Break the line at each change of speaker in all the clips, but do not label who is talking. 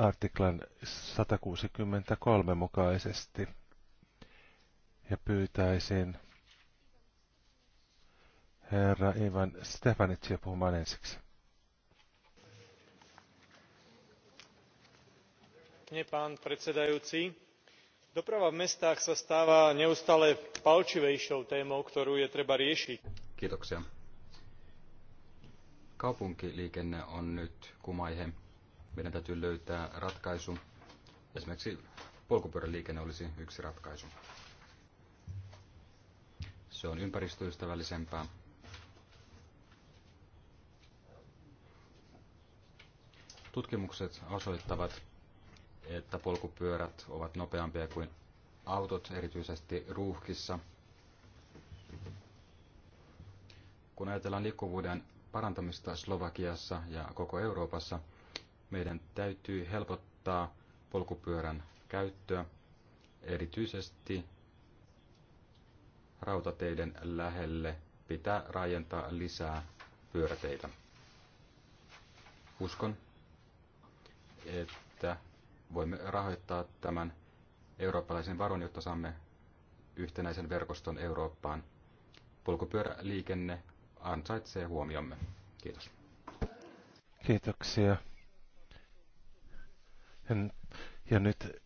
artiklan 163 mukaisesti ja pyytäisin herra Ivan Stefanitsia puhumaan ensiksi.
pán predsedajúci doprava v mestách sa stáva neustále palčivejšou témou ktorú je treba riešiť.
kaupunkiliikenne on nyt kumaihe meidän täytyy löytää ratkaisu. Esimerkiksi polkupyöräliikenne olisi yksi ratkaisu. Se on ympäristöystävällisempää. Tutkimukset osoittavat, että polkupyörät ovat nopeampia kuin autot, erityisesti ruuhkissa. Kun ajatellaan liikkuvuuden parantamista Slovakiassa ja koko Euroopassa, meidän täytyy helpottaa polkupyörän käyttöä, erityisesti rautateiden lähelle pitää rajentaa lisää pyöräteitä. Uskon, että voimme rahoittaa tämän eurooppalaisen varon, jotta saamme yhtenäisen verkoston Eurooppaan. Polkupyöräliikenne ansaitsee huomiomme. Kiitos.
Kiitoksia. Ja, ja nyt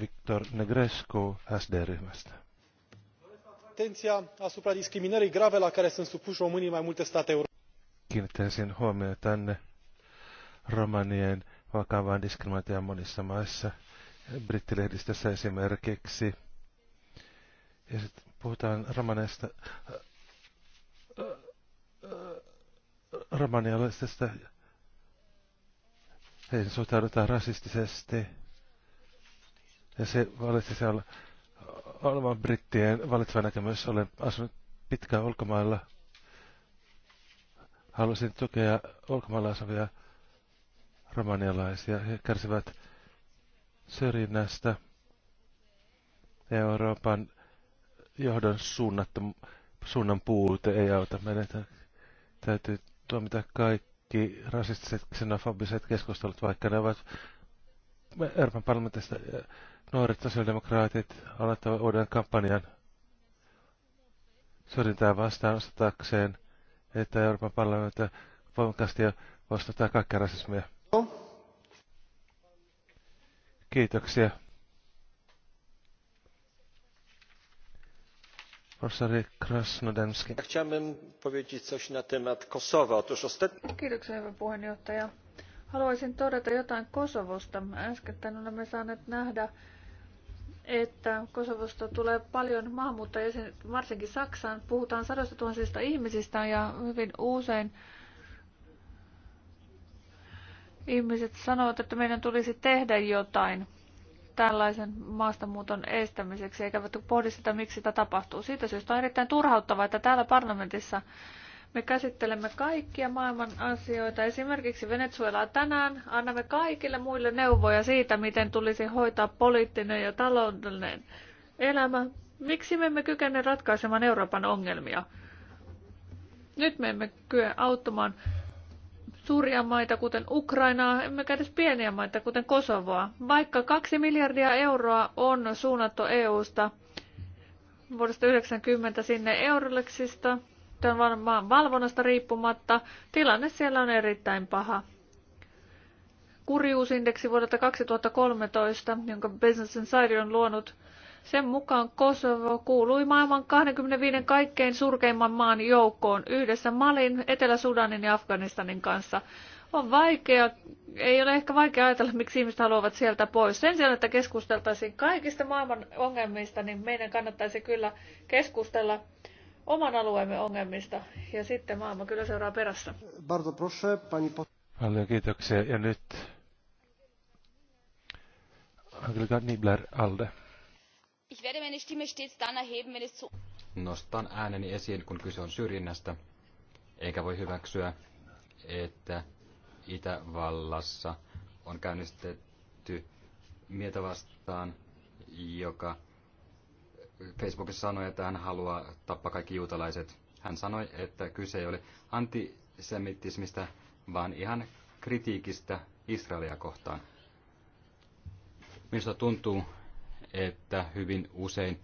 Victor Negrescu, SD-ryhmästä.
Atenția asupra discriminării grave la care sunt supuși românii mai multe state europene.
Kiinnittäisin huomioon tänne romanien vakavaan diskriminaatioon monissa maissa. Brittilehdistössä esimerkiksi. Ja sitten puhutaan romaneista, äh, äh, äh, romanialaisesta heihin suhtaudutaan rasistisesti. Ja se valitsi se olla olevan brittien valitseva näkemys. Olen asunut pitkään ulkomailla. Halusin tukea ulkomailla asuvia romanialaisia. He kärsivät syrjinnästä Euroopan johdon suunnattom, suunnan puute ei auta. Meidän täytyy tuomita kaikki kaikki rasistiset xenofobiset keskustelut, vaikka ne ovat Euroopan parlamentista nuoret sosiaalidemokraatit aloittavat uuden kampanjan syrjintää vastaan ostatakseen, että Euroopan parlamentti voimakkaasti vastustaa kaikkea rasismia. No. Kiitoksia.
Chciałbym powiedzieć coś na temat Kosowa. Otóż ostatnio...
Haluaisin todeta jotain Kosovosta. Äskettäin olemme saaneet nähdä, että Kosovosta tulee paljon maahanmuuttajia, varsinkin Saksaan. Puhutaan sadoista tuhansista ihmisistä ja hyvin usein ihmiset sanovat, että meidän tulisi tehdä jotain tällaisen maastamuuton estämiseksi, eikä sitä, miksi tämä tapahtuu. Siitä syystä on erittäin turhauttavaa, että täällä parlamentissa me käsittelemme kaikkia maailman asioita, esimerkiksi Venezuelaa tänään. Annamme kaikille muille neuvoja siitä, miten tulisi hoitaa poliittinen ja taloudellinen elämä. Miksi me emme kykene ratkaisemaan Euroopan ongelmia? Nyt me emme kykene auttamaan suuria maita, kuten Ukrainaa, emmekä edes pieniä maita, kuten Kosovoa. Vaikka kaksi miljardia euroa on suunnattu EU-sta vuodesta 90 sinne Eurolexista, tämän maan valvonnasta riippumatta, tilanne siellä on erittäin paha. Kurjuusindeksi vuodelta 2013, jonka Business Insider on luonut, sen mukaan Kosovo kuului maailman 25 kaikkein surkeimman maan joukkoon yhdessä Malin, Etelä-Sudanin ja Afganistanin kanssa. On vaikea, ei ole ehkä vaikea ajatella, miksi ihmiset haluavat sieltä pois. Sen sijaan, että keskusteltaisiin kaikista maailman ongelmista, niin meidän kannattaisi kyllä keskustella oman alueemme ongelmista. Ja sitten maailma kyllä seuraa perässä.
Paljon kiitoksia. Ja nyt Angelika Nibler, Alde.
Ich
werde meine Stimme stets dann erheben, wenn es zu... Nostan ääneni esiin, kun kyse on syrjinnästä, eikä voi hyväksyä, että Itävallassa on käynnistetty mieltä vastaan, joka Facebookissa sanoi, että hän haluaa tappaa kaikki juutalaiset. Hän sanoi, että kyse ei ole antisemitismistä, vaan ihan kritiikistä Israelia kohtaan. Minusta tuntuu, että hyvin usein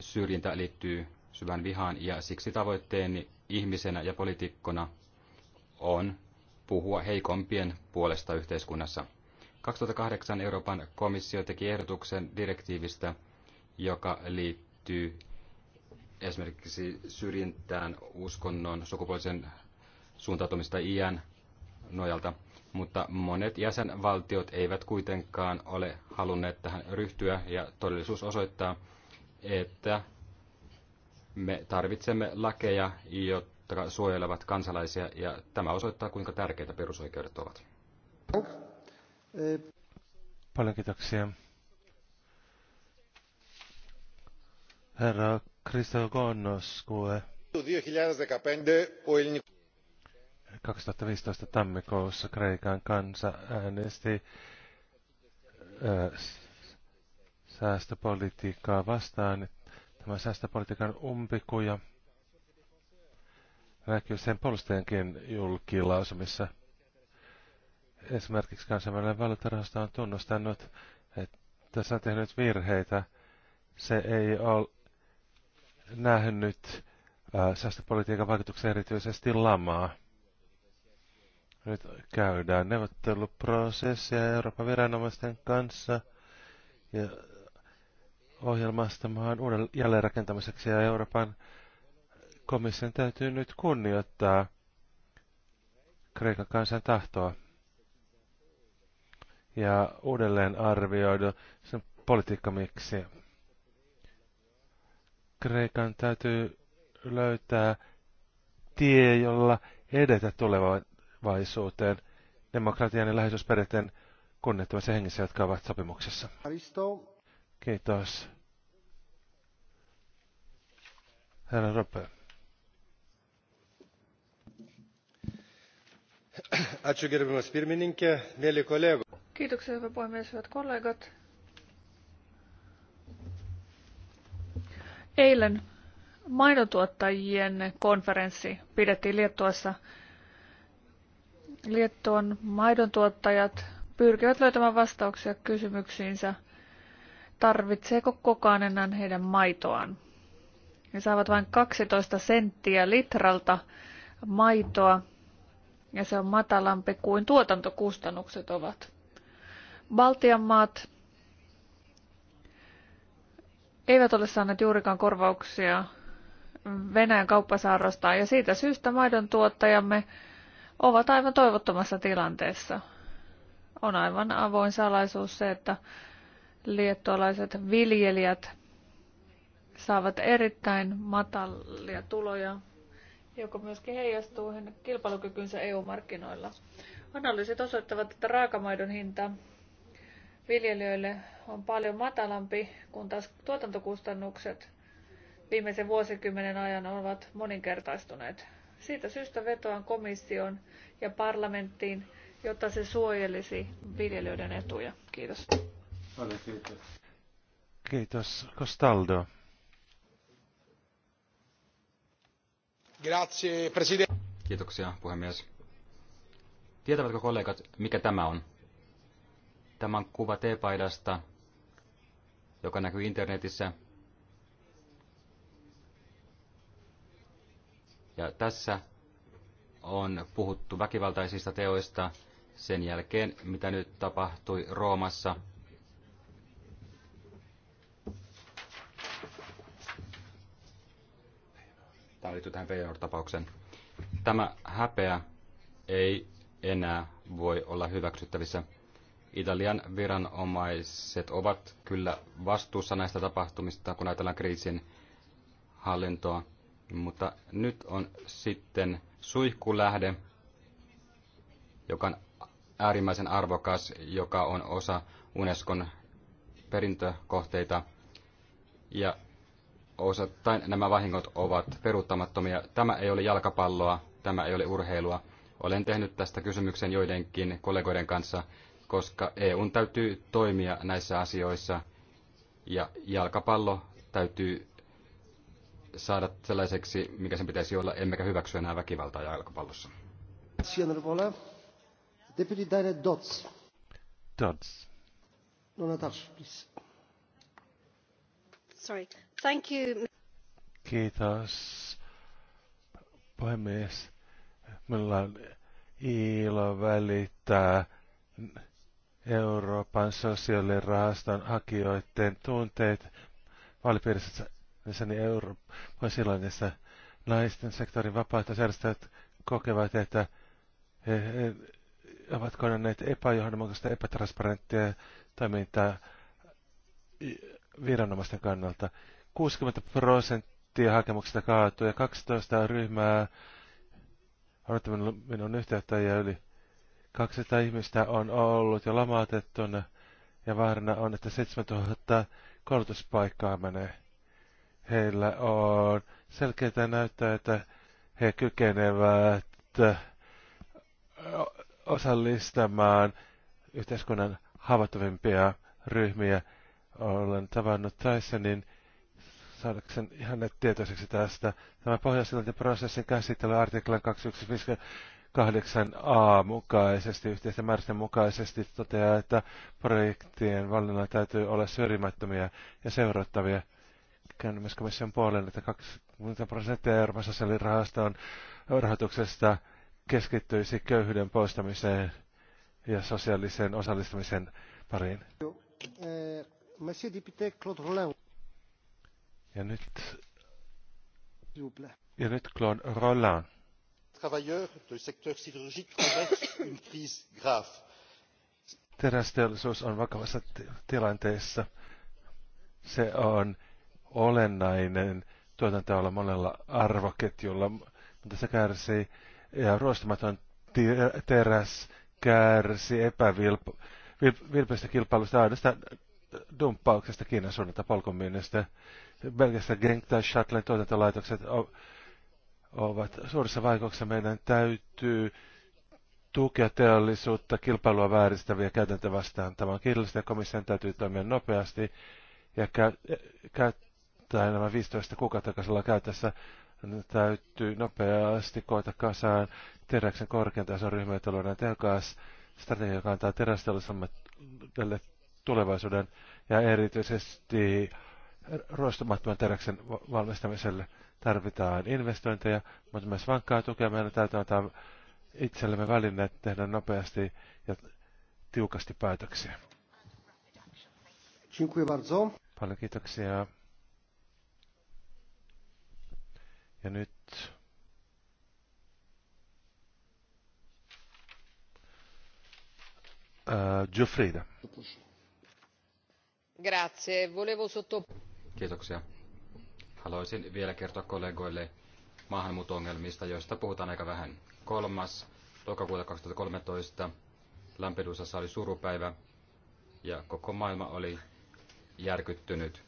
syrjintä liittyy syvään vihaan ja siksi tavoitteeni ihmisenä ja poliitikkona on puhua heikompien puolesta yhteiskunnassa. 2008 Euroopan komissio teki ehdotuksen direktiivistä, joka liittyy esimerkiksi syrjintään uskonnon, sukupuolisen suuntautumista iän nojalta mutta monet jäsenvaltiot eivät kuitenkaan ole halunneet tähän ryhtyä ja todellisuus osoittaa, että me tarvitsemme lakeja, jotka suojelevat kansalaisia ja tämä osoittaa, kuinka tärkeitä perusoikeudet ovat.
Paljon kiitoksia. Herra Christogonos, kuule.
2015
2015 tammikuussa Kreikan kansa äänesti äh, säästöpolitiikkaa vastaan. Tämä säästöpolitiikan umpikuja näkyy sen puolustajienkin julkilausumissa. Esimerkiksi kansainvälinen valuuttarahasto on tunnustanut, että se on tehnyt virheitä. Se ei ole nähnyt äh, säästöpolitiikan vaikutuksen erityisesti lamaa. Nyt käydään neuvotteluprosessia Euroopan viranomaisten kanssa ja ohjelmastamaan uuden jälleenrakentamiseksi ja Euroopan komission täytyy nyt kunnioittaa Kreikan kansan tahtoa ja uudelleen arvioida sen miksi Kreikan täytyy löytää tie, jolla edetä tulevaan vaisuuteen, demokratian ja läheisyysperiaatteen kunnioittamisen hengissä, jotka ovat sopimuksessa. Kiitos. Herra Rope.
Ačiū gerbiamas pirmininkė, mėly kolegos.
Kiitoksia, hyvä puhemies, hyvät kollegat. Eilen maidontuottajien konferenssi pidettiin Liettuassa Liettuan maidon tuottajat pyrkivät löytämään vastauksia kysymyksiinsä, tarvitseeko kukaan enää heidän maitoaan. He saavat vain 12 senttiä litralta maitoa, ja se on matalampi kuin tuotantokustannukset ovat. Baltian maat eivät ole saaneet juurikaan korvauksia Venäjän kauppasaarrosta, ja siitä syystä maidon tuottajamme ovat aivan toivottomassa tilanteessa. On aivan avoin salaisuus se, että liettualaiset viljelijät saavat erittäin matalia tuloja, joka myöskin heijastuu kilpailukykynsä EU-markkinoilla. Analyysit osoittavat, että raakamaidon hinta viljelijöille on paljon matalampi, kun taas tuotantokustannukset viimeisen vuosikymmenen ajan ovat moninkertaistuneet. Siitä syystä vetoan komission ja parlamenttiin, jotta se suojelisi viljelijöiden etuja. Kiitos.
kiitos. Costaldo.
Grazie, presidente. Kiitoksia, puhemies. Tietävätkö kollegat, mikä tämä on? Tämä on kuva teepaidasta, joka näkyy internetissä. Ja tässä on puhuttu väkivaltaisista teoista sen jälkeen, mitä nyt tapahtui Roomassa. Tämä liittyy tähän Feyenoord-tapaukseen. Tämä häpeä ei enää voi olla hyväksyttävissä. Italian viranomaiset ovat kyllä vastuussa näistä tapahtumista, kun ajatellaan kriisin hallintoa mutta nyt on sitten suihkulähde, joka on äärimmäisen arvokas, joka on osa Unescon perintökohteita. Ja osattain nämä vahingot ovat peruuttamattomia. Tämä ei ole jalkapalloa, tämä ei ole urheilua. Olen tehnyt tästä kysymyksen joidenkin kollegoiden kanssa, koska EUn täytyy toimia näissä asioissa ja jalkapallo täytyy saada sellaiseksi, mikä sen pitäisi olla, emmekä hyväksy enää väkivaltaa jalkapallossa.
Deputy Director No, Natasha, please.
Sorry. Thank you.
Kiitos, puhemies. Meillä on ilo välittää Euroopan sosiaalirahaston hakijoiden tunteet vaalipiirissä niin Euroopan naisten sektorin vapaaehtoisjärjestöt kokevat, että he, he ovat kohdanneet epäjohdonmukaista, epätransparenttia toimintaa viranomaisten kannalta. 60 prosenttia hakemuksista kaatuu ja 12 ryhmää on ottanut minun yhteyttä ja yli 200 ihmistä on ollut jo lamautettuna ja vaarana on, että 7000 koulutuspaikkaa menee. Heillä on selkeitä näyttää, että he kykenevät osallistamaan yhteiskunnan haavoittuvimpia ryhmiä. Olen tavannut Tysonin saadakseni hänet tietoiseksi tästä. Tämä pohjois prosessin käsittely artiklan 2158a mukaisesti, yhteisten määrästen mukaisesti toteaa, että projektien valinnan täytyy olla syrjimättömiä ja seurattavia käännyt myös komission puoleen, että 20 prosenttia Euroopan sosiaalirahaston rahoituksesta keskittyisi köyhyyden poistamiseen ja sosiaalisen osallistumisen pariin. Ja nyt, ja nyt Claude Roland.
Travailleurs du secteur sidérurgique traversent une crise grave.
Terästeollisuus on vakavassa tilanteessa. Se on olennainen tuotantoala monella arvoketjulla, mutta se kärsii ja ruostamaton teräs kärsi epävilpeistä kilpailusta aidosta dumppauksesta Kiinan suunnalta polkumyynnistä. Belgiassa Genk tai Shuttlen tuotantolaitokset ovat suurissa vaikeuksissa. Meidän täytyy tukea teollisuutta kilpailua vääristäviä käytäntöä vastaan. Tämä on kielellistä ja komission täytyy toimia nopeasti ja käyttää tai nämä 15 kuukautta, joka sulla on käytössä, täytyy nopeasti koota kasaan teräksen korkean tason ryhmätalouden tehokas strategia, joka antaa terästeollisuudelle tulevaisuuden ja erityisesti ruostumattoman teräksen valmistamiselle tarvitaan investointeja, mutta myös vankkaa tukea. Meidän täytyy antaa itsellemme välineet tehdä nopeasti ja tiukasti päätöksiä. Dziękuję bardzo. Paljon kiitoksia. Ja nyt Uh, Giuffrida.
Grazie. Volevo sotto...
Kiitoksia.
Haluaisin vielä kertoa kollegoille maahanmuutto joista puhutaan aika vähän. Kolmas lokakuuta 2013 Lampedusassa oli surupäivä ja koko maailma oli järkyttynyt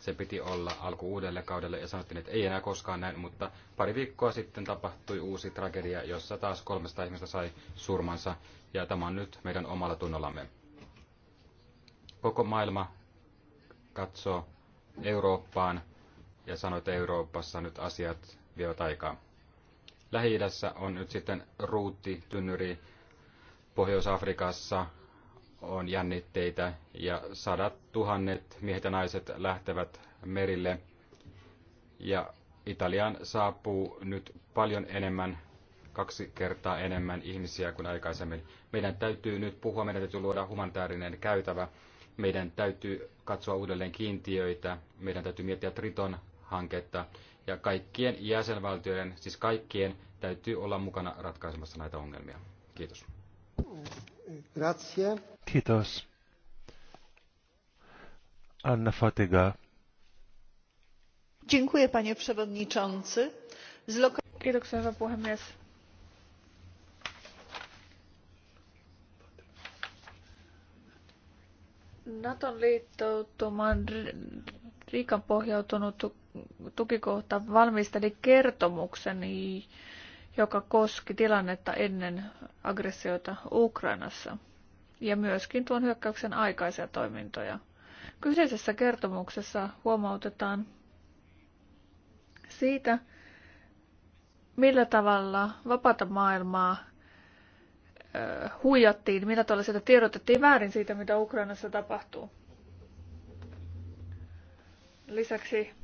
se piti olla alku uudelle kaudelle ja sanottiin, että ei enää koskaan näin, mutta pari viikkoa sitten tapahtui uusi tragedia, jossa taas 300 ihmistä sai surmansa ja tämä on nyt meidän omalla tunnollamme. Koko maailma katsoo Eurooppaan ja sanoi, että Euroopassa nyt asiat vievät aikaa. lähi on nyt sitten ruutti, tynnyri, Pohjois-Afrikassa, on jännitteitä ja sadat tuhannet miehet ja naiset lähtevät merille. Ja Italiaan saapuu nyt paljon enemmän, kaksi kertaa enemmän ihmisiä kuin aikaisemmin. Meidän täytyy nyt puhua, meidän täytyy luoda humanitaarinen käytävä, meidän täytyy katsoa uudelleen kiintiöitä, meidän täytyy miettiä Triton hanketta ja kaikkien jäsenvaltioiden, siis kaikkien, täytyy olla mukana ratkaisemassa näitä ongelmia. Kiitos.
Grazie.
Kiitos. Anna Fatiga.
Dziękuję, panie przewodniczący. Zloko... Kiitoksia, hyvä puhemies. Naton liittoutuman Riikan pohjautunut tukikohta valmisteli kertomuksen, joka koski tilannetta ennen aggressioita Ukrainassa – ja myöskin tuon hyökkäyksen aikaisia toimintoja. Kyseisessä kertomuksessa huomautetaan siitä, millä tavalla vapaata maailmaa huijattiin, millä tavalla sitä tiedotettiin väärin siitä, mitä Ukrainassa tapahtuu. Lisäksi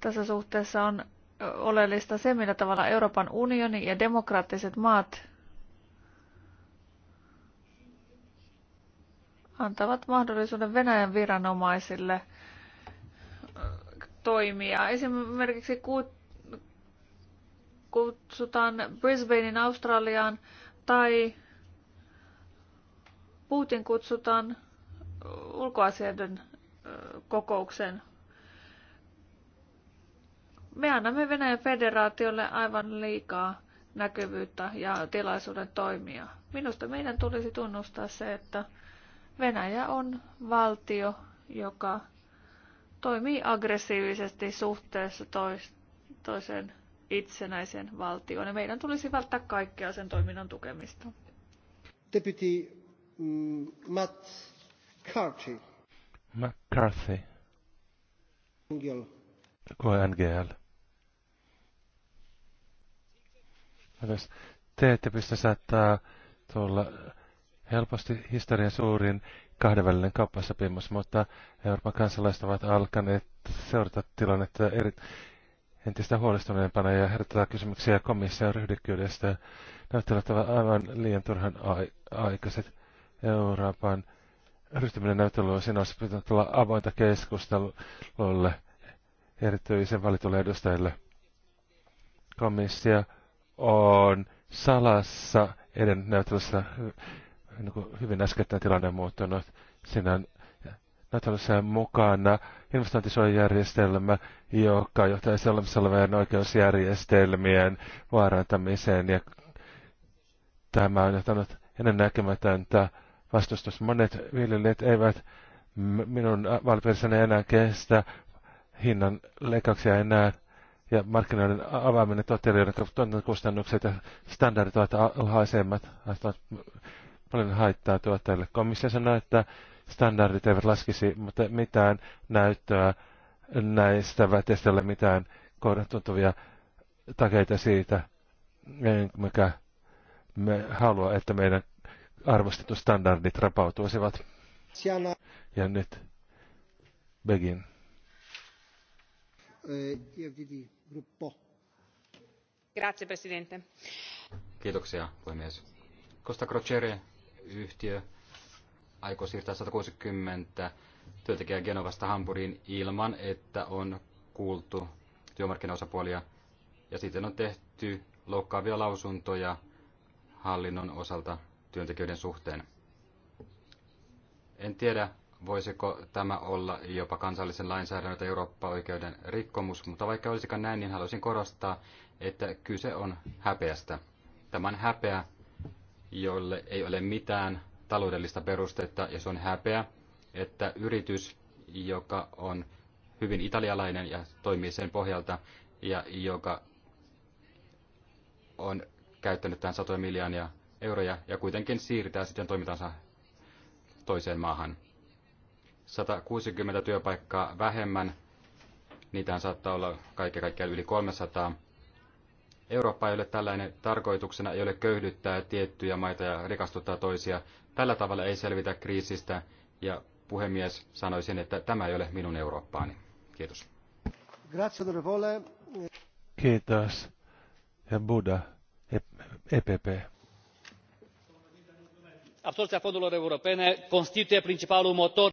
tässä suhteessa on oleellista se, millä tavalla Euroopan unioni ja demokraattiset maat antavat mahdollisuuden Venäjän viranomaisille äh, toimia. Esimerkiksi kutsutaan Brisbanein Australiaan tai Putin kutsutaan ulkoasioiden äh, kokoukseen. Me annamme Venäjän federaatiolle aivan liikaa näkyvyyttä ja tilaisuuden toimia. Minusta meidän tulisi tunnustaa se, että Venäjä on valtio, joka toimii aggressiivisesti suhteessa tois, toiseen itsenäiseen valtioon. Ja meidän tulisi välttää kaikkea sen toiminnan tukemista.
Deputy mm, Matt McCarthy.
McCarthy. Angel. KNGL. Jos te ette pysty saattaa tulla helposti historian suurin kahdenvälinen kauppasopimus, mutta Euroopan kansalaiset ovat alkaneet seurata tilannetta eri, entistä huolestuneempana ja herättää kysymyksiä komission ryhdikkyydestä. Näyttävät ovat aivan liian turhan ai aikaiset Euroopan ryhtyminen siinä olisi pitänyt olla avointa keskustelulle erityisen valitulle edustajille. Komissio on salassa edennyt näyttelyssä niin kuin hyvin äskettäin tilanne on muuttunut. Siinä on Natalissa mukana investointisuojajärjestelmä, joka johtaa olemassa olevien oikeusjärjestelmien vaarantamiseen. Ja tämä on johtanut ennen näkemätöntä vastustus. Monet viljelijät eivät minun valpiirissäni enää kestä hinnan leikkauksia enää ja markkinoiden avaaminen toteutuu, kustannukset ja standardit ovat alhaisemmat, paljon haittaa tuottajille. Komissio sanoi, että standardit eivät laskisi, mutta mitään näyttöä näistä väitteistä ei ole mitään kohdan tuntuvia takeita siitä, mikä me halua, että meidän arvostetut standardit rapautuisivat. Ja nyt Begin.
Grazie, Presidente.
Kiitoksia, puhemies. Costa Crociere yhtiö aikoo siirtää 160 työntekijää Genovasta Hampuriin ilman, että on kuultu työmarkkinaosapuolia. Ja sitten on tehty loukkaavia lausuntoja hallinnon osalta työntekijöiden suhteen. En tiedä, voisiko tämä olla jopa kansallisen lainsäädännön tai Eurooppa-oikeuden rikkomus, mutta vaikka olisikaan näin, niin haluaisin korostaa, että kyse on häpeästä. Tämän häpeä jolle ei ole mitään taloudellista perustetta, ja se on häpeä, että yritys, joka on hyvin italialainen ja toimii sen pohjalta, ja joka on käyttänyt tähän satoja miljoonia euroja, ja kuitenkin siirtää sitten toimintansa toiseen maahan. 160 työpaikkaa vähemmän, niitä saattaa olla kaiken kaikkiaan yli 300, Eurooppa ei ole tällainen tarkoituksena, ei ole köyhdyttää tiettyjä maita ja rikastuttaa toisia. Tällä tavalla ei selvitä kriisistä ja puhemies sanoisin, että tämä ei ole minun Eurooppaani. Kiitos.
Kiitos. Ja Buda, EPP. E
Absorbția fondurilor europene constituie principalul motor.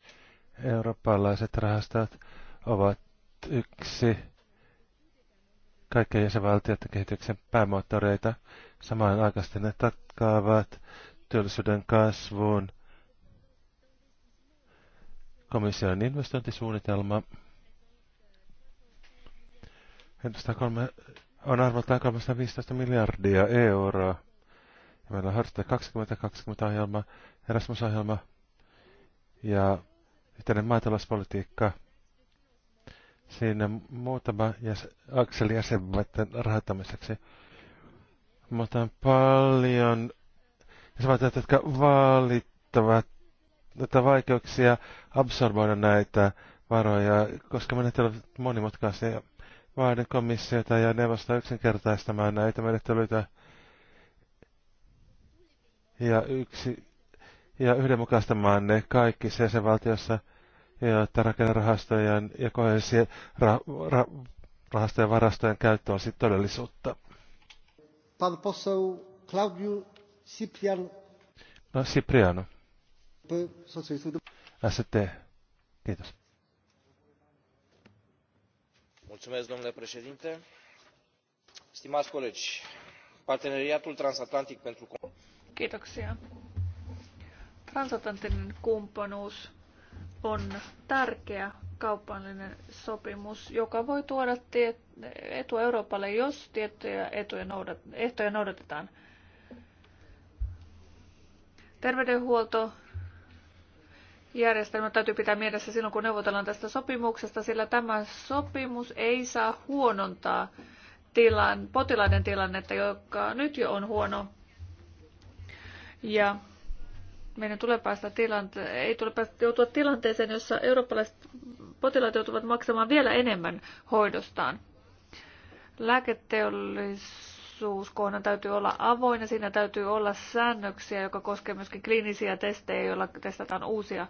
Eurooppalaiset rahastot ovat yksi kaikkien jäsenvaltioiden kehityksen päämoottoreita samanaikaisesti ne tatkaavat työllisyyden kasvuun. Komission investointisuunnitelma on arvoltaan 315 miljardia euroa. Ja meillä on harjoittaja 2020-ohjelma, Erasmus-ohjelma ja yhteinen maatalouspolitiikka – Siinä muutama jäs, akseli jäsenvaiden rahoittamiseksi. Mutta on paljon jäsenmaita, jotka vaalittavat näitä vaikeuksia absorboida näitä varoja, koska menettelyt ovat monimutkaisia. Vaadin komissiota ja neuvosta yksinkertaistamaan näitä menettelyitä ja, yksi, ja yhdenmukaistamaan ne kaikissa jäsenvaltiossa – ja että rakennerahastojen ja kohdallisia ra, ra, rahastojen varastojen käyttö on sitten todellisuutta.
Pan poseł Claudio Cipriano.
No, Cipriano. ST. Kiitos.
Mulțumesc, domnule președinte. Stimați colegi, parteneriatul transatlantic pentru...
Kiitoksia. Transatlanttinen kumppanuus on tärkeä kaupallinen sopimus, joka voi tuoda etua Euroopalle, jos tiettyjä etuja noudat, ehtoja noudatetaan. Terveydenhuolto järjestelmä täytyy pitää mielessä silloin, kun neuvotellaan tästä sopimuksesta, sillä tämä sopimus ei saa huonontaa tilan, potilaiden tilannetta, joka nyt jo on huono. Ja meidän tulee päästä tilante- ei tule päästä joutua tilanteeseen, jossa eurooppalaiset potilaat joutuvat maksamaan vielä enemmän hoidostaan. Lääketeollisuuskohdan täytyy olla avoin ja siinä täytyy olla säännöksiä, joka koskee myöskin kliinisiä testejä, joilla testataan uusia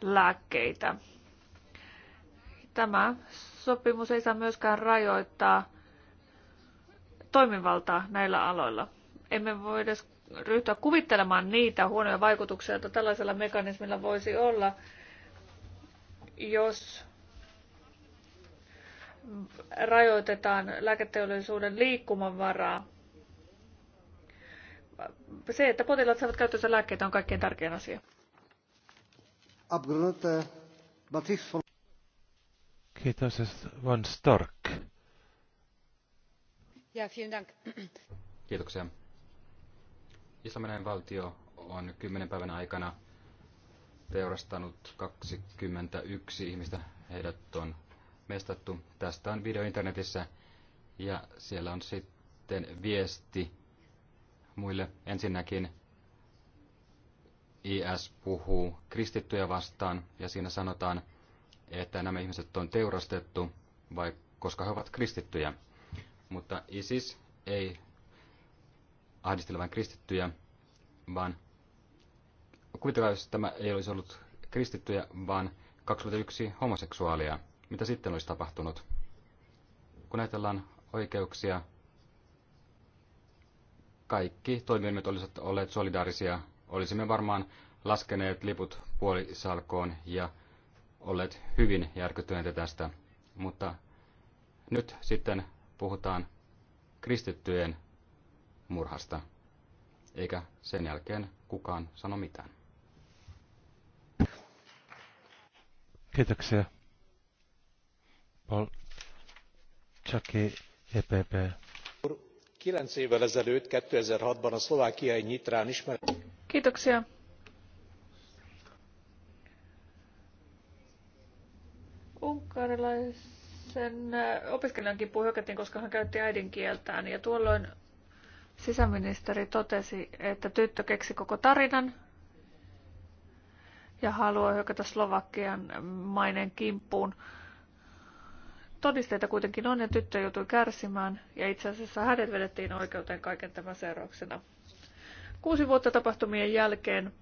lääkkeitä. Tämä sopimus ei saa myöskään rajoittaa toimivaltaa näillä aloilla. Emme voi edes ryhtyä kuvittelemaan niitä huonoja vaikutuksia, joita tällaisella mekanismilla voisi olla, jos rajoitetaan lääketeollisuuden liikkumavaraa. Se, että potilaat saavat käyttöönsä lääkkeitä, on kaikkein tärkein asia.
Kiitos, Van Stark. Ja,
Kiitoksia. Islamilainen valtio on kymmenen päivän aikana teurastanut 21 ihmistä. Heidät on mestattu. Tästä on video internetissä ja siellä on sitten viesti muille. Ensinnäkin IS puhuu kristittyjä vastaan ja siinä sanotaan, että nämä ihmiset on teurastettu, vai koska he ovat kristittyjä. Mutta ISIS ei ahdistelevan kristittyjä, vaan kuvitelkaa, jos tämä ei olisi ollut kristittyjä, vaan 21 homoseksuaalia. Mitä sitten olisi tapahtunut? Kun ajatellaan oikeuksia, kaikki toimijat olisivat olleet solidaarisia. Olisimme varmaan laskeneet liput puolisalkoon ja olleet hyvin järkyttyneitä tästä. Mutta nyt sitten puhutaan kristittyjen murhasta, eikä sen jälkeen kukaan sano mitään.
Kiitoksia. Paul Csaki, EPP.
Kilenc évvel ezelőtt, 2006-ban a szlovákiai nyitrán
ismer... Kiitoksia. Unkarilaisen opiskelijankin puhui koska hän käytti äidinkieltään ja tuolloin sisäministeri totesi, että tyttö keksi koko tarinan ja haluaa hyökätä Slovakian maineen kimppuun. Todisteita kuitenkin on ja tyttö joutui kärsimään ja itse asiassa hänet vedettiin oikeuteen kaiken tämän seurauksena. Kuusi vuotta tapahtumien jälkeen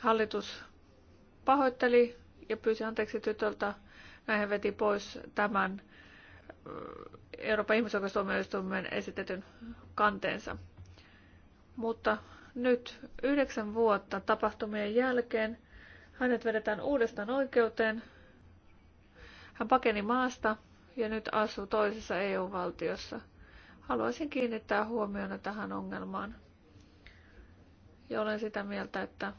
hallitus pahoitteli ja pyysi anteeksi tytöltä. Näin veti pois tämän Euroopan ihmisoikeustuomioistuimen esitetyn kanteensa. Mutta nyt yhdeksän vuotta tapahtumien jälkeen hänet vedetään uudestaan oikeuteen. Hän pakeni maasta ja nyt asuu toisessa EU-valtiossa. Haluaisin kiinnittää huomiota tähän ongelmaan. Ja olen sitä mieltä, että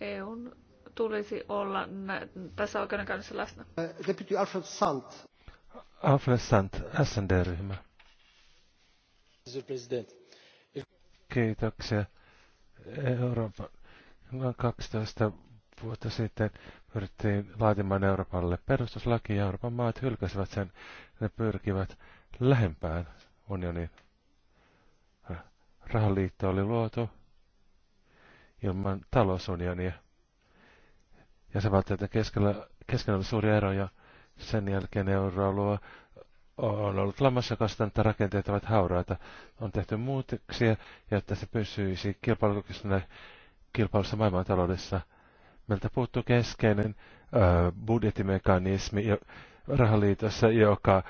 EUn tulisi olla tässä oikeudenkäynnissä läsnä. Äh,
deputy Alfred Sant.
Alfred Sant, SND-ryhmä. Kiitoksia. Euroopan 12 vuotta sitten pyrittiin laatimaan Euroopalle perustuslaki ja Euroopan maat hylkäsivät sen. Ne pyrkivät lähempään unionin. Rahaliitto oli luotu ilman talousunionia jäsenvaltioiden keskellä, keskellä oli suuria eroja. Sen jälkeen euroalue on ollut lamassa kastan, että rakenteet ovat hauraita. On tehty muutoksia, jotta se pysyisi kilpailukykyisenä kilpailussa maailmantaloudessa. Meiltä puuttuu keskeinen ö, budjettimekanismi jo, rahaliitossa, joka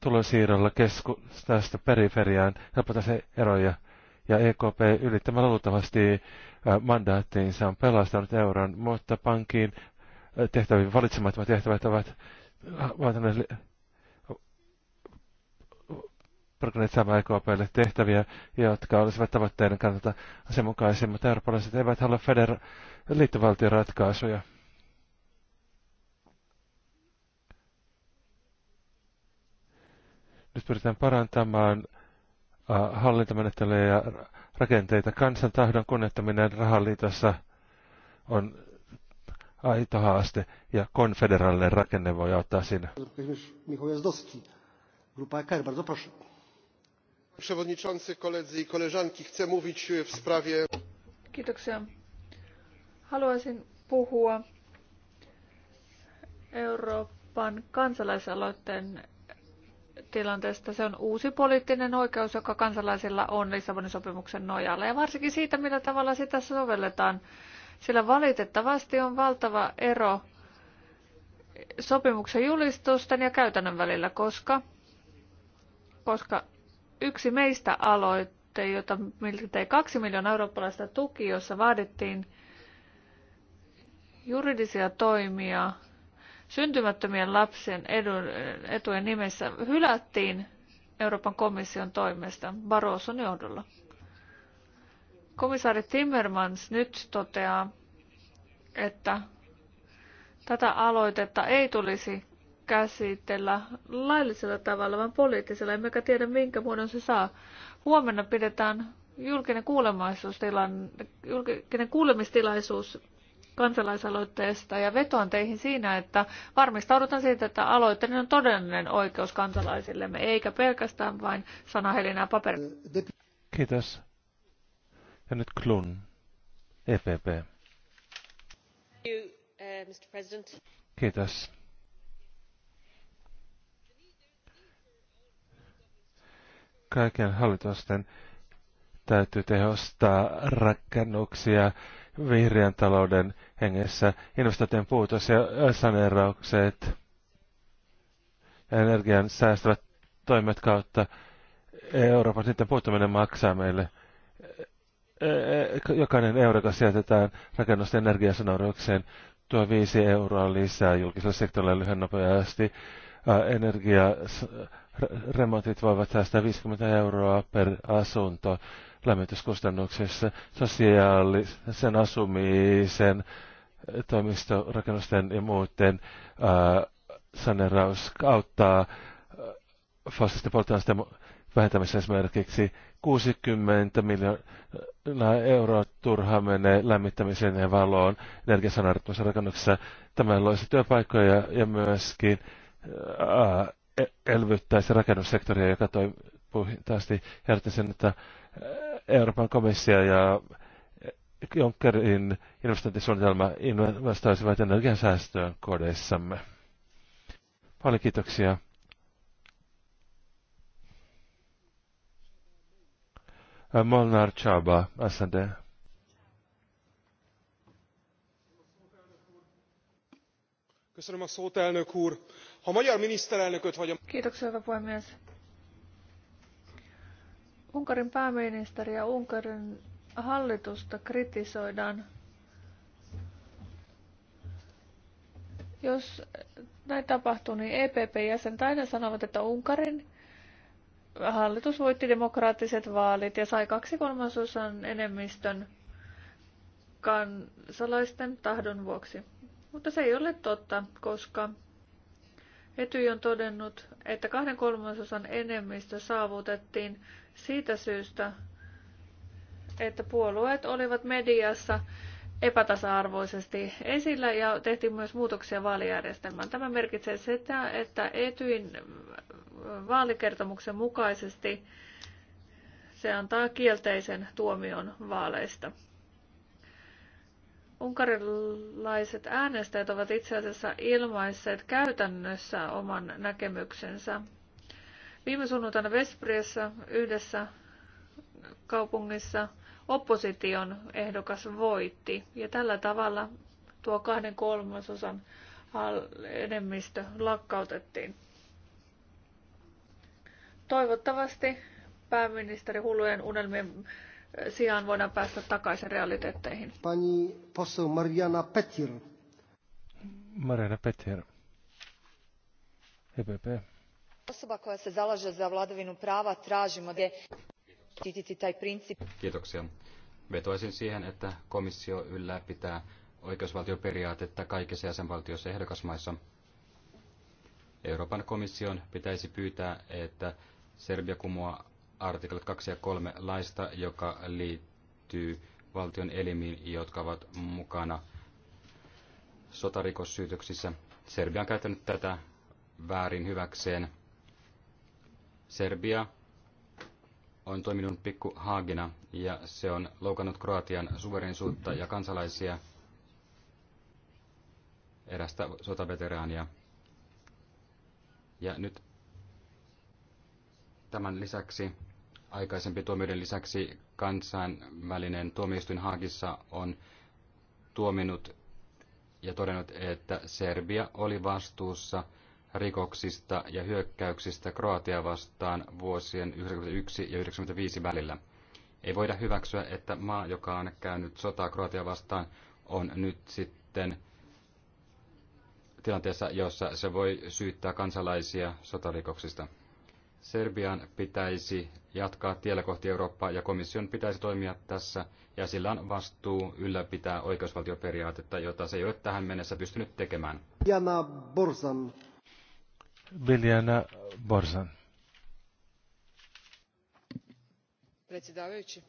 tulonsiirrolla keskustasta periferiaan helpottaa se eroja – ja EKP ylittämällä luultavasti äh, mandaattiinsa on pelastanut euron, mutta pankin äh, tehtäviin valitsemattomat tehtävät ovat äh, pyrkineet saamaan EKPlle tehtäviä, jotka olisivat tavoitteiden kannalta asianmukaisia, mutta eurooppalaiset eivät halua feder- liittovaltion ratkaisuja. Nyt pyritään parantamaan hallintamenettelyjä ja rakenteita. Kansan tahdon kunnettaminen rahaliitossa on aito haaste ja konfederaalinen rakenne voi auttaa siinä.
Przewodniczący, koledzy i koleżanki, chcę mówić w sprawie...
Kiitoksia. Haluaisin puhua Euroopan kansalaisaloitteen tilanteesta. Se on uusi poliittinen oikeus, joka kansalaisilla on Lissabonin sopimuksen nojalla ja varsinkin siitä, millä tavalla sitä sovelletaan. Sillä valitettavasti on valtava ero sopimuksen julistusten ja käytännön välillä, koska, koska yksi meistä aloitte, jota miltei kaksi miljoonaa eurooppalaista tuki, jossa vaadittiin juridisia toimia syntymättömien lapsien edun, etujen nimessä hylättiin Euroopan komission toimesta Barroson johdolla. Komissaari Timmermans nyt toteaa, että tätä aloitetta ei tulisi käsitellä laillisella tavalla, vaan poliittisella. Emmekä tiedä, minkä muodon se saa. Huomenna pidetään julkinen, julkinen kuulemistilaisuus kansalaisaloitteesta ja vetoan teihin siinä, että varmistaudutaan siitä, että aloitteinen on todellinen oikeus kansalaisillemme, eikä pelkästään vain sanahelinää paperilla.
Kiitos. Ja nyt Klun, EPP. Kiitos. Kaiken hallitusten täytyy tehostaa rakennuksia vihreän talouden hengessä investointien puutos ja saneeraukset ja energian säästävät toimet kautta Euroopan sitten puuttuminen maksaa meille. E, e, jokainen euro, joka sijoitetaan rakennusten energiasanoudukseen, tuo viisi euroa lisää julkiselle sektorille lyhyen nopeasti. Energiaremontit voivat säästää 50 euroa per asunto lämmityskustannuksissa, sosiaalisen asumisen, toimistorakennusten ja muiden äh, saneraus auttaa äh, fossiilisten polttoaineiden vähentämisessä esimerkiksi 60 miljoonaa euroa turhaa menee lämmittämiseen ja valoon energiasanarituissa rakennuksessa. Tämä loisi työpaikkoja ja myöskin äh, e-, elvyttäisi rakennussektoria, joka toi, puhtaasti herätti sen, että eh, Euroopan komissio ja eh, Junckerin investointisuunnitelma investoisivat energiansäästöön kodeissamme. Paljon kiitoksia. Eh, Molnar Chaba, SND. Köszönöm a szót, elnök úr. Ha magyar miniszterelnököt vagy a...
Kiitoksia, hyvä puhemies Unkarin pääministeri ja Unkarin hallitusta kritisoidaan. Jos näin tapahtuu, niin EPP-jäsenet aina sanovat, että Unkarin hallitus voitti demokraattiset vaalit ja sai kaksi kolmasosan enemmistön kansalaisten tahdon vuoksi. Mutta se ei ole totta, koska Etyj on todennut, että kahden kolmasosan enemmistö saavutettiin siitä syystä, että puolueet olivat mediassa epätasa-arvoisesti esillä ja tehtiin myös muutoksia vaalijärjestelmään. Tämä merkitsee sitä, että Etyin vaalikertomuksen mukaisesti se antaa kielteisen tuomion vaaleista. Unkarilaiset äänestäjät ovat itse asiassa ilmaisseet käytännössä oman näkemyksensä. Viime sunnuntaina Vespriessä yhdessä kaupungissa opposition ehdokas voitti. Ja tällä tavalla tuo kahden kolmasosan enemmistö lakkautettiin. Toivottavasti pääministeri hullujen unelmien sijaan voidaan päästä takaisin realiteetteihin.
Pani posso Mariana Petir. Mariana Petir.
EPP.
Osoba koja se zalaže za vladavinu prava tražimo da štititi taj princip.
Kiitoksia. Vetoisin siihen, että komissio ylläpitää oikeusvaltioperiaatetta kaikissa jäsenvaltioissa ehdokasmaissa. Euroopan komission pitäisi pyytää, että Serbia kumoaa artiklat 2 ja 3 laista, joka liittyy valtion elimiin, jotka ovat mukana sotarikossyytöksissä. Serbia on käyttänyt tätä väärin hyväkseen. Serbia on toiminut pikku Haagina ja se on loukannut Kroatian suverenisuutta ja kansalaisia erästä sotaveteraania. Ja nyt tämän lisäksi aikaisempi tuomioiden lisäksi kansainvälinen tuomioistuin Haagissa on tuominut ja todennut, että Serbia oli vastuussa rikoksista ja hyökkäyksistä Kroatia vastaan vuosien 1991 ja 1995 välillä. Ei voida hyväksyä, että maa, joka on käynyt sotaa Kroatia vastaan, on nyt sitten tilanteessa, jossa se voi syyttää kansalaisia sotarikoksista. Serbian pitäisi jatkaa tiellä kohti Eurooppaa ja komission pitäisi toimia tässä ja sillä on vastuu ylläpitää oikeusvaltioperiaatetta, jota se ei ole tähän mennessä pystynyt tekemään.
Jana
Borsan.
Biljana Borsan.
Predsjedavajući.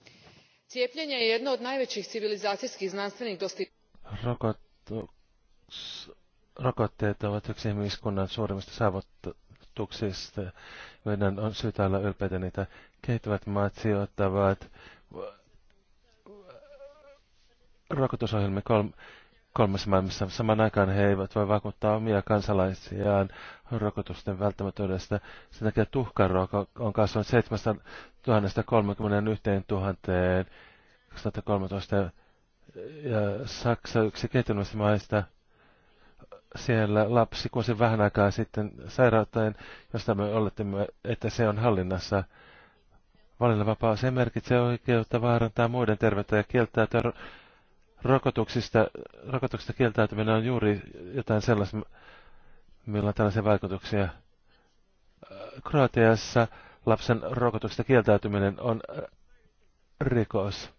Cijepljenje je jedno od najvećih civilizacijskih znanstvenih
dostignuća. Rokotteet ovat yksi ihmiskunnan suurimmista saavutuksista. Meidän on syytä olla ylpeitä niitä. Kehittyvät maat sijoittavat rokotusohjelmia kolme, kolmessa maailmassa. Saman aikaan he eivät voi vakuuttaa omia kansalaisiaan rokotusten välttämättömyydestä. Sen takia tuhkaruoka on kasvanut 7031 000 2013 ja Saksa yksi kehittyneistä maista – siellä lapsi kuosi vähän aikaa sitten sairauteen, josta me olettimme, että se on hallinnassa. Valinnanvapaus se merkitsee oikeutta vaarantaa muiden terveyttä ja kieltäytyä rokotuksista. Rokotuksista kieltäytyminen on juuri jotain sellaista, millä on tällaisia vaikutuksia. Kroatiassa lapsen rokotuksista kieltäytyminen on äh, rikos.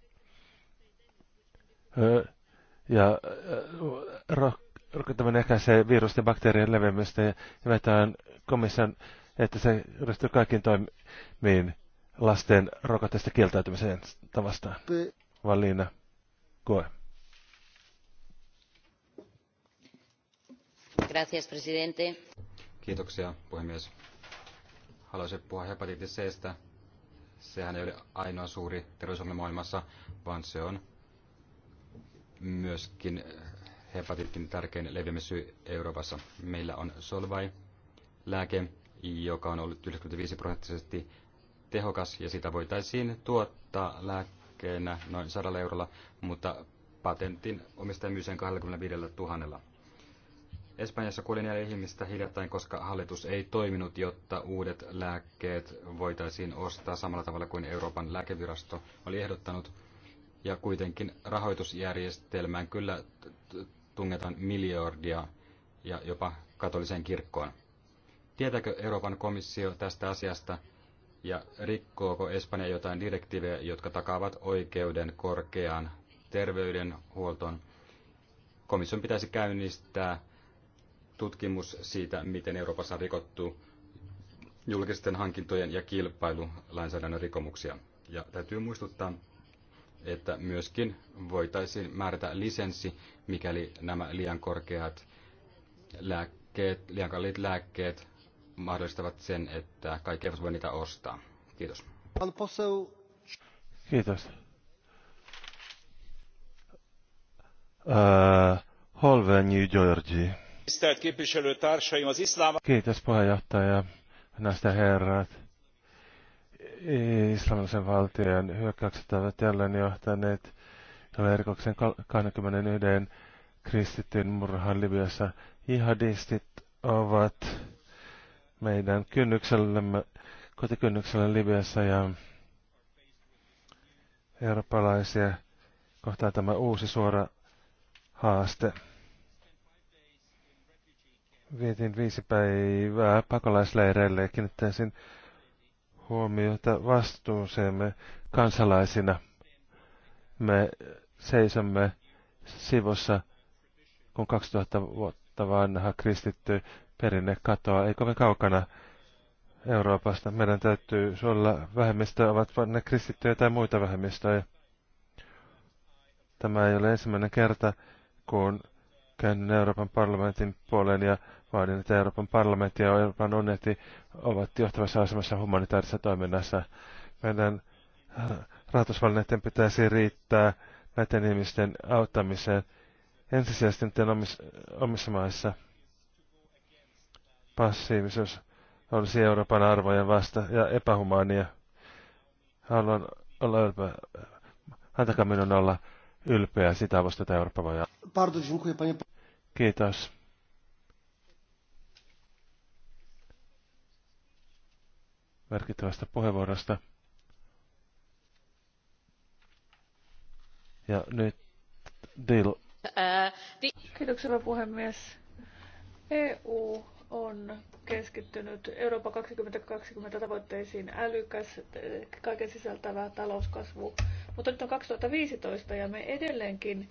Ja äh, rokottaminen ehkäisee virusten ja bakteerien leviämistä ja nimetään komission, että se ryhtyy kaikkiin toimiin lasten rokotteista kieltäytymiseen vastaan. Valina Koe.
Gracias, presidente.
Kiitoksia, puhemies. Haluaisin puhua hepatitis Cstä. Sehän ei ole ainoa suuri terveysongelma maailmassa, vaan se on myöskin hepatiitin tärkein leviämissyy Euroopassa. Meillä on Solvai lääke joka on ollut 95 prosenttisesti tehokas ja sitä voitaisiin tuottaa lääkkeenä noin 100 eurolla, mutta patentin omistaja myy sen 25 000. Espanjassa kuoli neljä ihmistä hiljattain, koska hallitus ei toiminut, jotta uudet lääkkeet voitaisiin ostaa samalla tavalla kuin Euroopan lääkevirasto oli ehdottanut. Ja kuitenkin rahoitusjärjestelmään kyllä tungetaan miljardia ja jopa katoliseen kirkkoon. Tietääkö Euroopan komissio tästä asiasta ja rikkooko Espanja jotain direktiivejä, jotka takaavat oikeuden korkeaan terveydenhuoltoon? Komission pitäisi käynnistää tutkimus siitä, miten Euroopassa on rikottu julkisten hankintojen ja kilpailulainsäädännön rikomuksia. Ja täytyy muistuttaa, että myöskin voitaisiin määrätä lisenssi, mikäli nämä liian korkeat lääkkeet, liian kalliit lääkkeet mahdollistavat sen, että kaikki eivät voi niitä ostaa. Kiitos.
Kiitos. Uh, äh, Holvenyi Georgi.
Tisztelt képviselőtársaim, az iszlám...
Kiitos puheenjohtaja, näistä herrat islamisen valtion hyökkäykset ovat jälleen johtaneet erikoksen 21 kristityn murhaan Libyassa. Jihadistit ovat meidän kynnyksellämme, kotikynnyksellä Libyassa ja eurooppalaisia kohtaa tämä uusi suora haaste. Vietin viisi päivää pakolaisleireille ja kiinnittäisin huomiota vastuuseemme kansalaisina. Me seisomme sivussa, kun 2000 vuotta vanha kristitty perinne katoaa, ei kovin kaukana Euroopasta. Meidän täytyy olla vähemmistöä, ovat ne kristittyjä tai muita vähemmistöjä. Tämä ei ole ensimmäinen kerta, kun käännyn Euroopan parlamentin puoleen ja vaadin, että Euroopan parlamentti ja Euroopan uneti ovat johtavassa asemassa humanitaarisessa toiminnassa. Meidän äh, rahoitusvalinnoiden pitäisi riittää näiden ihmisten auttamiseen ensisijaisesti niiden omissa, omissa maissa. Passiivisuus on Euroopan arvojen vasta ja epähumaania. Haluan olla ylpeä. Antakaa minun olla ylpeä sitä vasta että Eurooppa voi Kiitos. merkittävästä puheenvuorosta. Ja nyt Dil.
Kiitoksena puhemies. EU on keskittynyt Eurooppa 2020 tavoitteisiin älykäs, kaiken sisältävä talouskasvu mutta nyt on 2015 ja me edelleenkin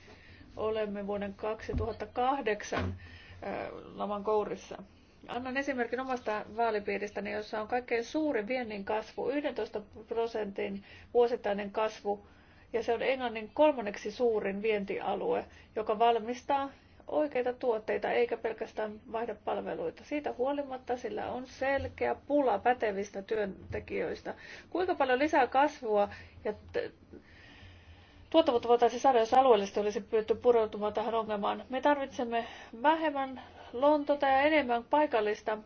olemme vuoden 2008 äh, laman kourissa. Annan esimerkin omasta vaalipiiristäni, jossa on kaikkein suurin viennin kasvu, 11 prosentin vuosittainen kasvu, ja se on Englannin kolmanneksi suurin vientialue, joka valmistaa oikeita tuotteita eikä pelkästään vaihda palveluita. Siitä huolimatta sillä on selkeä pula pätevistä työntekijöistä. Kuinka paljon lisää kasvua ja tuottavuutta voitaisiin saada, jos alueellisesti olisi pyritty pureutumaan tähän ongelmaan? Me tarvitsemme vähemmän Lontota ja enemmän paikallista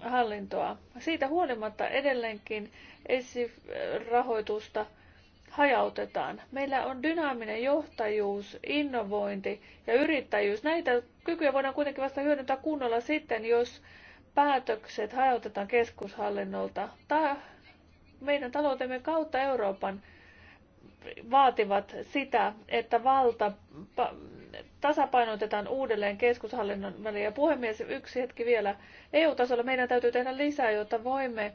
hallintoa. Siitä huolimatta edelleenkin esirahoitusta hajautetaan. Meillä on dynaaminen johtajuus, innovointi ja yrittäjyys. Näitä kykyjä voidaan kuitenkin vasta hyödyntää kunnolla sitten, jos päätökset hajautetaan keskushallinnolta. Tämä meidän taloutemme kautta Euroopan vaativat sitä, että valta tasapainotetaan uudelleen keskushallinnon väliin. Ja puhemies, yksi hetki vielä. EU-tasolla meidän täytyy tehdä lisää, jotta voimme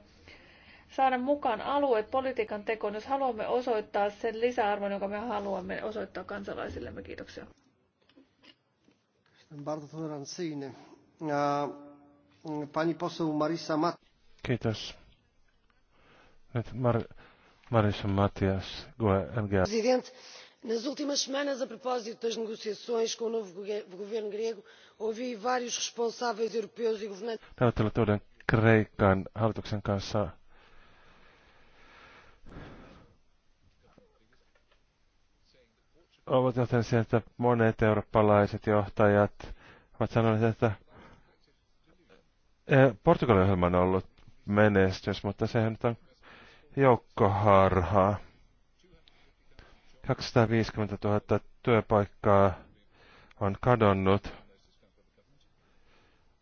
saada mukaan alueet politiikan tekoon, jos haluamme osoittaa sen lisäarvon, jonka me haluamme osoittaa kansalaisillemme. Kiitoksia.
Kiitos. Nyt Mar Marissa Matias, e
Presidente, nas últimas semanas, a propósito das negociações com o novo governo grego, ouvi vários responsáveis europeus e
governantes... Neuvottelut uuden Kreikan hallituksen kanssa ovat johtaneet siihen, että monet eurooppalaiset johtajat ovat sanoneet, että eh, Portugalin ohjelma on ollut menestys, mutta sehän nyt on joukkoharhaa. 250 000 työpaikkaa on kadonnut.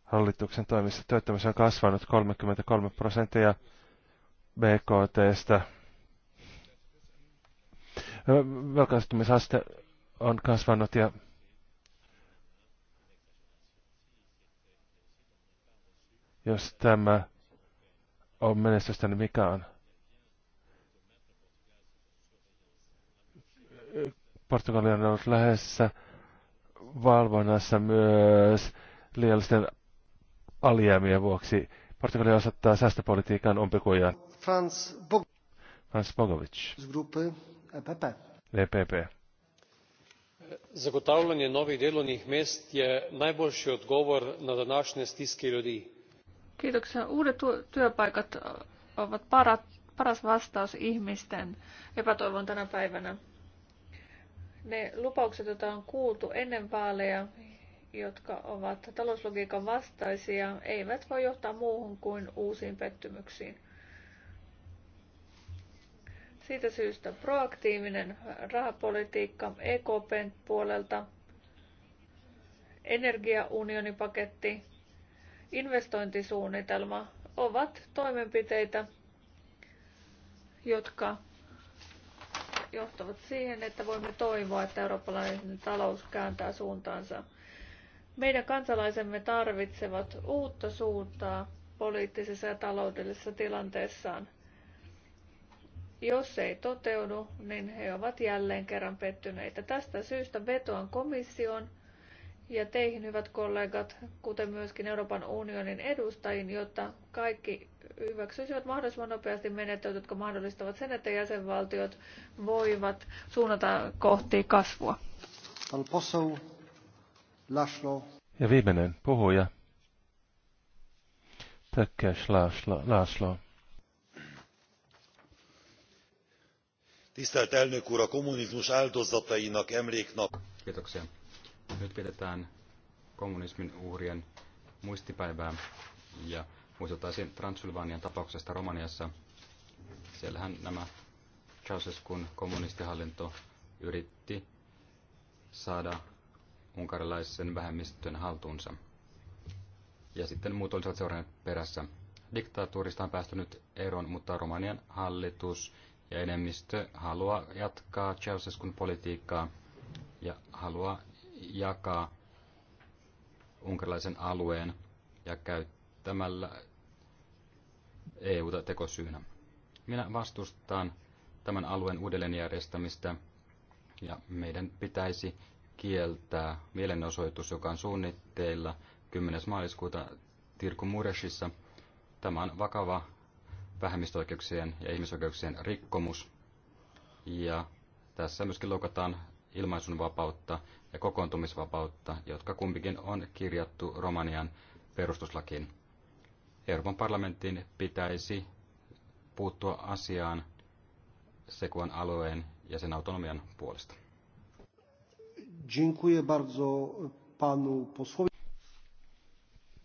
Hallituksen toimissa työttömyys on kasvanut 33 prosenttia BKTstä. Velkaistumisaste on kasvanut ja jos tämä on menestystä, niin mikä on? Portugali on ollut läheisessä valvonnassa myös liiallisten alijäämien vuoksi. Portugali osoittaa säästöpolitiikan umpikujaan. Franz, Bogovic. grupy EPP. EPP
zagotavljanje novih delovnih mest je najboljši odgovor na današnje stiske ljudi.
Kiitoksia. Uudet työpaikat ovat paras vastaus ihmisten epätoivon tänä päivänä. Ne lupaukset, joita on kuultu ennen vaaleja, jotka ovat talouslogiikan vastaisia, eivät voi johtaa muuhun kuin uusiin pettymyksiin. Siitä syystä proaktiivinen rahapolitiikka EKPn puolelta, energiaunionipaketti, investointisuunnitelma ovat toimenpiteitä, jotka johtavat siihen, että voimme toivoa, että eurooppalainen talous kääntää suuntaansa. Meidän kansalaisemme tarvitsevat uutta suuntaa poliittisessa ja taloudellisessa tilanteessaan – jos se ei toteudu, niin he ovat jälleen kerran pettyneitä. Tästä syystä vetoan komission ja teihin, hyvät kollegat, kuten myöskin Euroopan unionin edustajiin, jotta kaikki hyväksyisivät mahdollisimman nopeasti menettelyt, jotka mahdollistavat sen, että jäsenvaltiot voivat suunnata kohti kasvua.
Ja viimeinen puhuja. Tökkäys Laszlo. Laszlo. Tisztelt elnök úr, a kommunizmus áldozatainak emléknap...
Kiitoksia. Nyt pidetään kommunismin uhrien muistipäivää ja muistuttaisin Transylvanian tapauksesta Romaniassa. Siellähän nämä Ceausescun kommunistihallinto yritti saada unkarilaisen vähemmistön haltuunsa. Ja sitten muut olisivat seuranneet perässä. Diktaatuurista on päästy nyt eroon, mutta Romanian hallitus ja enemmistö haluaa jatkaa Ceausescun politiikkaa ja haluaa jakaa unkarilaisen alueen ja käyttämällä EUta tekosyynä. Minä vastustan tämän alueen uudelleenjärjestämistä ja meidän pitäisi kieltää mielenosoitus, joka on suunnitteilla 10. maaliskuuta Tirku Mureshissa. Tämä on vakava vähemmistöoikeuksien ja ihmisoikeuksien rikkomus. Ja tässä myöskin loukataan ilmaisunvapautta ja kokoontumisvapautta, jotka kumpikin on kirjattu Romanian perustuslakiin. Euroopan parlamentin pitäisi puuttua asiaan Sekuan alueen ja sen autonomian puolesta.
Dziękuję bardzo panu posłowi.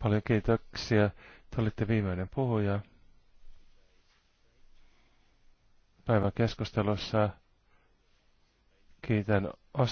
Paljon kiitoksia. Te olitte viimeinen puhuja. päivän keskustelussa. Kiitän osa